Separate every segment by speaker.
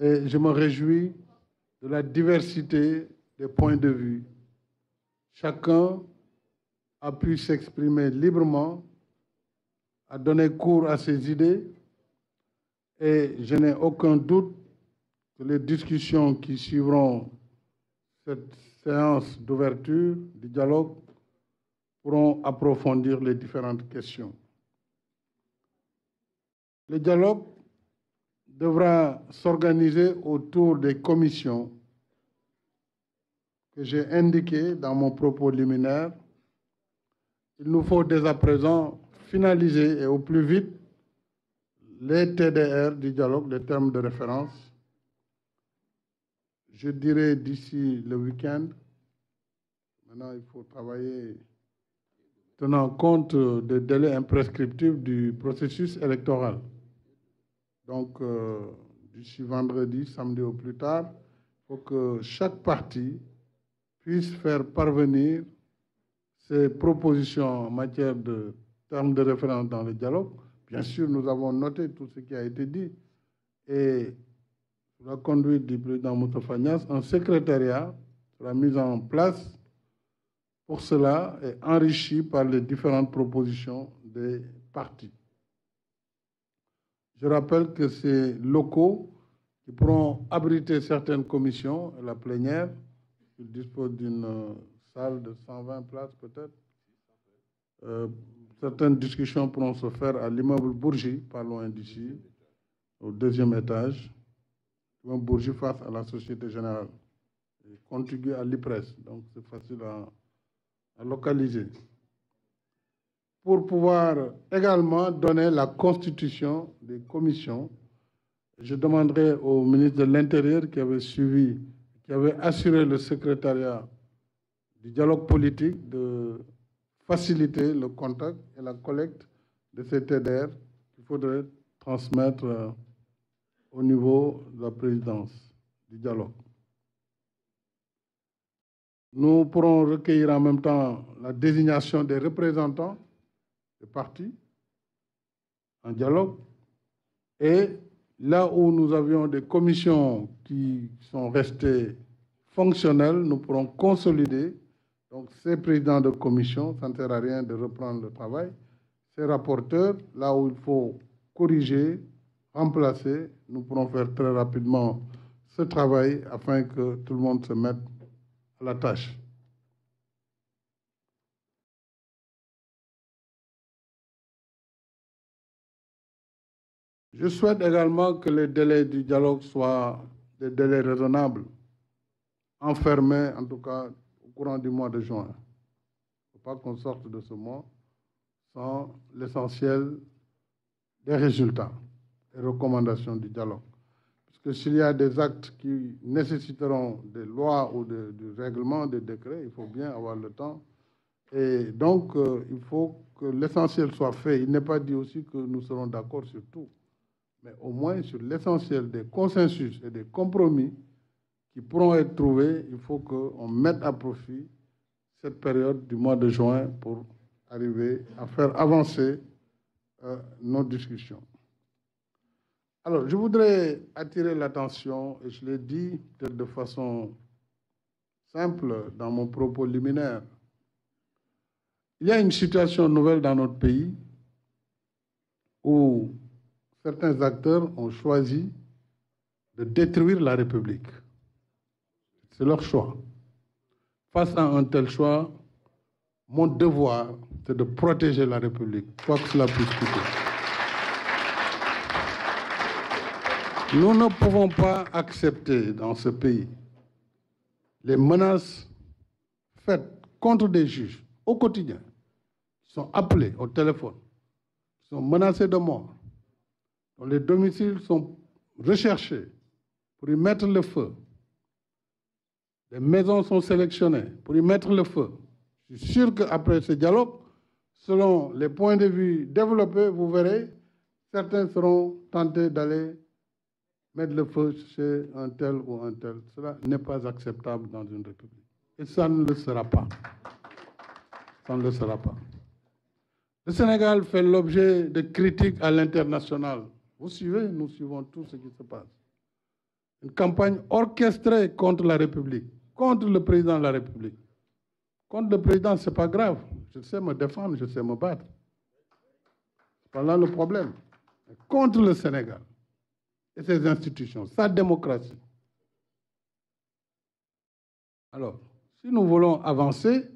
Speaker 1: Et je me réjouis de la diversité des points de vue. Chacun a pu s'exprimer librement, a donné cours à ses idées et je n'ai aucun doute que les discussions qui suivront cette séance d'ouverture du dialogue pourront approfondir les différentes questions. Le dialogue devra s'organiser autour des commissions que j'ai indiquées dans mon propos liminaire. Il nous faut dès à présent finaliser et au plus vite les TDR du dialogue, les termes de référence. Je dirais d'ici le week-end. Maintenant, il faut travailler tenant compte des délais imprescriptibles du processus électoral. Donc, euh, d'ici vendredi, samedi au plus tard, il faut que chaque parti puisse faire parvenir ses propositions en matière de termes de référence dans le dialogue. Bien sûr, nous avons noté tout ce qui a été dit. Et sous la conduite du président Moutafagnas, un secrétariat sera mis en place pour cela et enrichi par les différentes propositions des partis. Je rappelle que ces locaux qui pourront abriter certaines commissions, la plénière, ils disposent d'une euh, salle de 120 places peut-être. Euh, certaines discussions pourront se faire à l'immeuble Bourgie, pas loin d'ici, au deuxième étage. L'immeuble Bourgie face à la Société Générale, et contigu à l'IPRES, donc c'est facile à localiser pour pouvoir également donner la constitution des commissions. Je demanderai au ministre de l'Intérieur qui avait suivi, qui avait assuré le secrétariat du dialogue politique de faciliter le contact et la collecte de ces TDR qu'il faudrait transmettre euh, au niveau de la présidence du dialogue. Nous pourrons recueillir en même temps la désignation des représentants c'est partis, en dialogue. Et là où nous avions des commissions qui sont restées fonctionnelles, nous pourrons consolider. Donc ces présidents de commission, ça ne sert à rien de reprendre le travail. Ces rapporteurs, là où il faut corriger, remplacer, nous pourrons faire très rapidement ce travail afin que tout le monde se mette à la tâche. Je souhaite également que les délais du dialogue soient des délais raisonnables, enfermés en tout cas au courant du mois de juin. Il ne faut pas qu'on sorte de ce mois sans l'essentiel des résultats et recommandations du dialogue. Parce que s'il y a des actes qui nécessiteront des lois ou de, du règlement, des décrets, il faut bien avoir le temps. Et donc, euh, il faut que l'essentiel soit fait. Il n'est pas dit aussi que nous serons d'accord sur tout mais au moins sur l'essentiel des consensus et des compromis qui pourront être trouvés, il faut qu'on mette à profit cette période du mois de juin pour arriver à faire avancer euh, nos discussions. Alors, je voudrais attirer l'attention, et je l'ai dit de façon simple dans mon propos liminaire. Il y a une situation nouvelle dans notre pays où certains acteurs ont choisi de détruire la République. C'est leur choix. Face à un tel choix, mon devoir, c'est de protéger la République, quoi que cela puisse coûter. Nous ne pouvons pas accepter dans ce pays les menaces faites contre des juges au quotidien, qui sont appelés au téléphone, ils sont menacés de mort, les domiciles sont recherchés pour y mettre le feu. Les maisons sont sélectionnées pour y mettre le feu. Je suis sûr qu'après ce dialogue, selon les points de vue développés, vous verrez, certains seront tentés d'aller mettre le feu chez un tel ou un tel. Cela n'est pas acceptable dans une république. Et ça ne le sera pas. Ça ne le sera pas. Le Sénégal fait l'objet de critiques à l'international vous suivez, nous suivons tout ce qui se passe. Une campagne orchestrée contre la République, contre le président de la République. Contre le président, ce n'est pas grave. Je sais me défendre, je sais me battre. C'est pas là le problème. Contre le Sénégal et ses institutions, sa démocratie. Alors, si nous voulons avancer,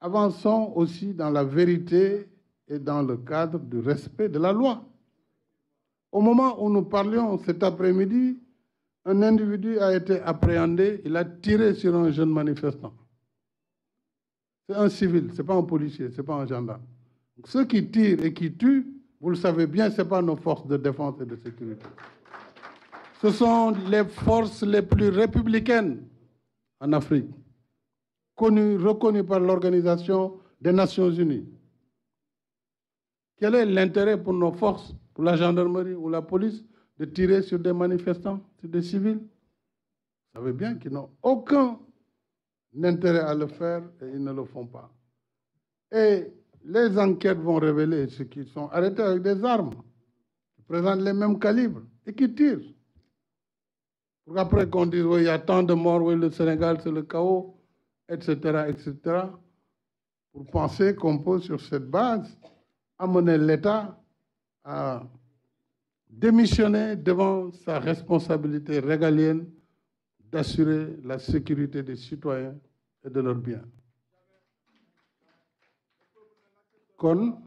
Speaker 1: avançons aussi dans la vérité et dans le cadre du respect de la loi. Au moment où nous parlions cet après-midi, un individu a été appréhendé, il a tiré sur un jeune manifestant. C'est un civil, ce n'est pas un policier, ce n'est pas un gendarme. ceux qui tirent et qui tuent, vous le savez bien, ce n'est pas nos forces de défense et de sécurité. Ce sont les forces les plus républicaines en Afrique, connues, reconnues par l'Organisation des Nations Unies. Quel est l'intérêt pour nos forces pour la gendarmerie ou la police de tirer sur des manifestants, sur des civils. Vous savez bien qu'ils n'ont aucun intérêt à le faire et ils ne le font pas. Et les enquêtes vont révéler ceux qui sont arrêtés avec des armes, qui présentent les mêmes calibres et qui tirent. après qu'on dise, il y a tant de morts, oui, le Sénégal, c'est le chaos, etc., etc., pour penser qu'on peut, sur cette base, amener l'État à démissionner devant sa responsabilité régalienne d'assurer la sécurité des citoyens et de leurs biens. kon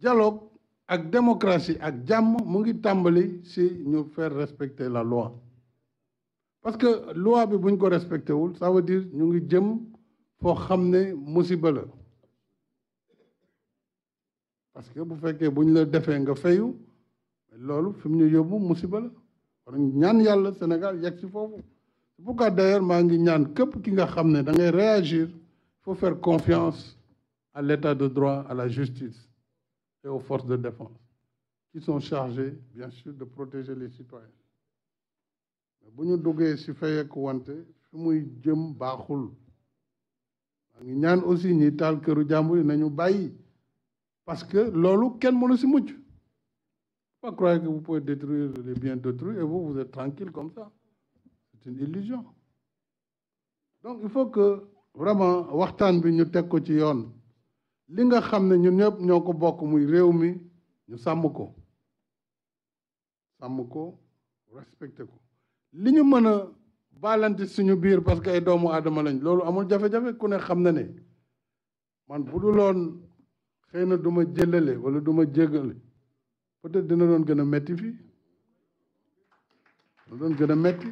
Speaker 1: dialogue la démocratie et jàmm mu tambali si faire respecter la loi parce que la loi bi buñ ko ça veut dire que nous devons faire des parce que bu fekkee buñ la defee nga fayu loolu fi mu ñu yóbbu musiba la war ñaan yàlla Sénégal yegg si foofu pourquoi d'ailleurs maa ngi ñaan képp ki nga xam ne da ngay réagir il faut faire confiance à l'état de droit à la justice et aux forces de défense qui sont chargées bien sûr de protéger les citoyens bu ñu duggee si fayeeku wante fi muy jëm baaxul maa ngi ñaan aussi ñi taal këru jàmbur yi nañu bàyyi parce que lolo ken mënu ne pas croire que vous pouvez détruire les biens d'autrui et vous vous êtes tranquille comme ça c'est une illusion donc il faut que vraiment wartan bi ñu linga ko ci li nga ñun sommes bokk muy suñu biir parce que ay doomu lañ amul ne man bu xëy na du peut-être dina metti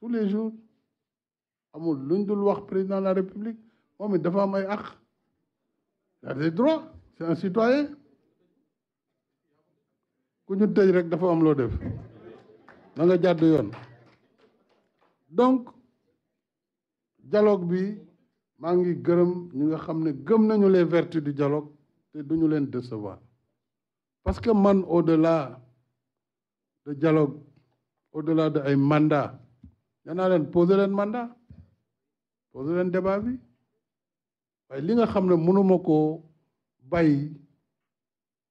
Speaker 1: tous les jours amul luñ dul wax président de la république moom a des droits c'est un citoyen ku ñu rek dafa am donc dialogue bi maa ngi gërëm ñi nga xam ne gëm nañu les vertus du dialogue te du ñu leen décevoir parce que man au-delà de dialogue au la de ay manda mandat danaa leen poser leen manda poser leen débat bi waaye li nga xam ne mënuma koo bàyyi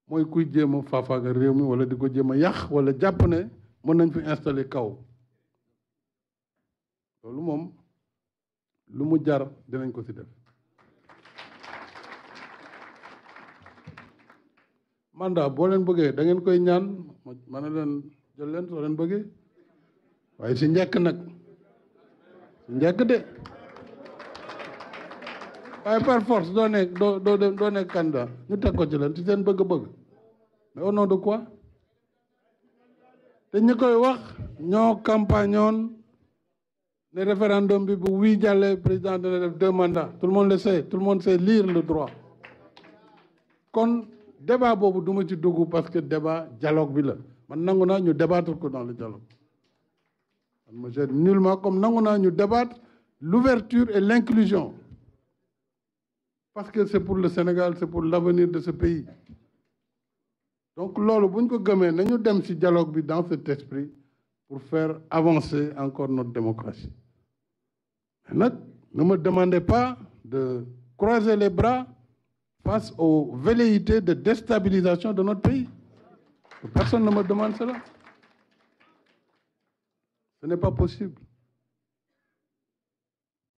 Speaker 1: mooy kuy jéem a faafaaga réew mi wala di ko jéem a yàq wala jàpp ne mën nañ fi installer kaw loolu moom lu mu jar dinañ ko ci def mandat boo leen bëggee da ngeen koy ñaan ma ne leen jël leen soo leen bëggee waaye ci njekk nag ci njëkk de waaye par force doo nekk doo doo doo nekk candidat ñu teg ko ci leen bëgg-bëgg mais au nom de te ñi koy wax ñoo campagne le référendum oui le président de deux mandats tout le monde le sait tout le monde sait lire le droit Le débat boobu parce que débat dialogue bi la Maintenant, nous débattre dans le dialogue ne Nulma, nullement comme on débattre l'ouverture et l'inclusion parce que c'est pour le Sénégal c'est pour l'avenir de ce pays donc là, le ñu ko dialogue dans cet esprit pour faire avancer encore notre démocratie. Ne, me demandez pas de croiser les bras face aux velléités de déstabilisation de notre pays. Personne ne me demande cela. Ce n'est pas possible.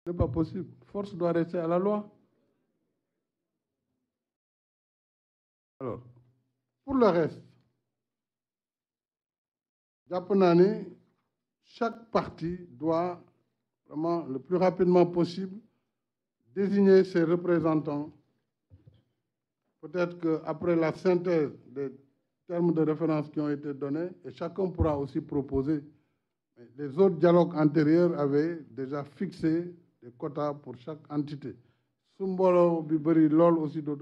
Speaker 1: Ce n'est pas possible. Force doit rester à la loi. Alors, pour le reste, Japonani, chaque parti doit vraiment le plus rapidement possible désigner ses représentants. Peut-être qu'après la synthèse des termes de référence qui ont été donnés, et chacun pourra aussi proposer. Les autres dialogues antérieurs avaient déjà fixé des quotas pour chaque entité. Sumbolo, l'Ol aussi donc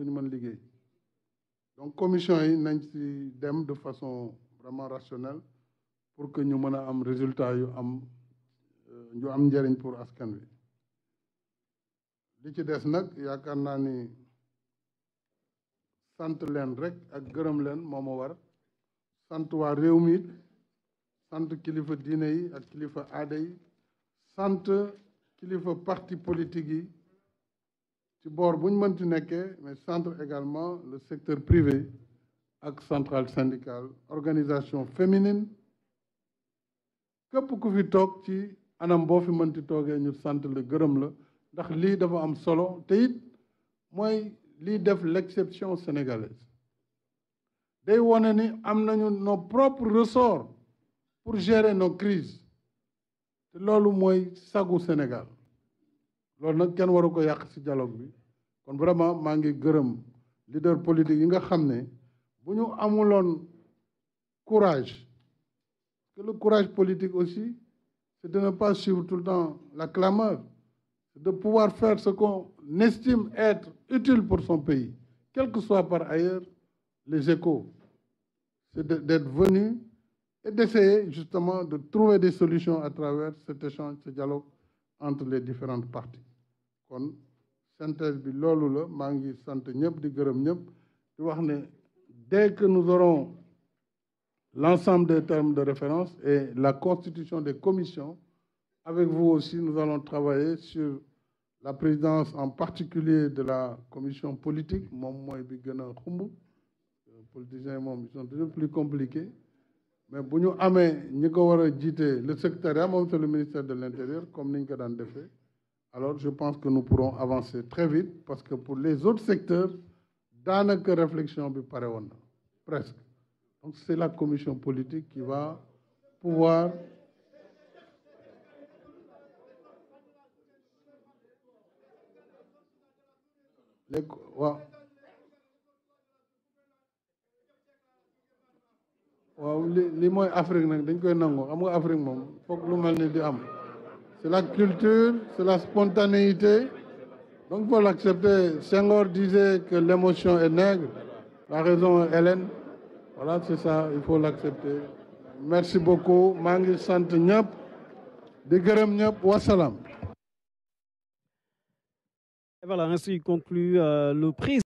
Speaker 1: commission yi de façon vraiment rationnelle pour que ñu mën a am résultat yu am euh, yu am njëriñ pour askan wi li ci des nag yaakaar naa ni sant leen rek ak gërëm leen moo ma war sant waa réew mi sant kilifa diine yi ak kilifa aada yi sant kilifa parti politique yi ci boor buñ ñu mënti nekkee mais sant également le secteur privé ak centrale syndicale organisation féminine képp ku fi toog ci anam boo fi mënti toogee ñu sant la gërëm la ndax lii dafa am solo te mooy lii def l'exception sénégalaise day wone ni am nañu nos propres ressorts pour gérer nos crises te loolu mooy sagu Sénégal loolu nag kenn waru ko yàq ci jaloog bi kon vraiment maa ngi gërëm leader politique yi nga xam ne bu ñu amuloon courage le courage politique aussi, c'est de ne pas suivre tout le temps la clameur, de pouvoir faire ce qu'on estime être utile pour son pays, quel que soit par ailleurs les échos. C'est d'être venu et d'essayer justement de trouver des solutions à travers cet échange, ce dialogue entre les différentes parties. dès que nous aurons l'ensemble des termes de référence et la constitution des commissions. Avec vous aussi, nous allons travailler sur la présidence en particulier de la commission politique, Mon politiciens ils sont toujours plus compliqués mais si nous avons ñi le secrétaire, est le ministère de l'intérieur comme nous alors je pense que nous pourrons avancer très vite parce que pour les autres secteurs notre réflexion bi pas presque c'est la commission politique qui va pouvoir c'est la culture c'est la spontanéité donc il faut l'accepter Senghor disait que l'émotion est nègre la raison est Hélène voilà, c'est ça, il faut l'accepter. Merci beaucoup. Mangi sant Nyop di Et voilà, ainsi conclut euh, le prix.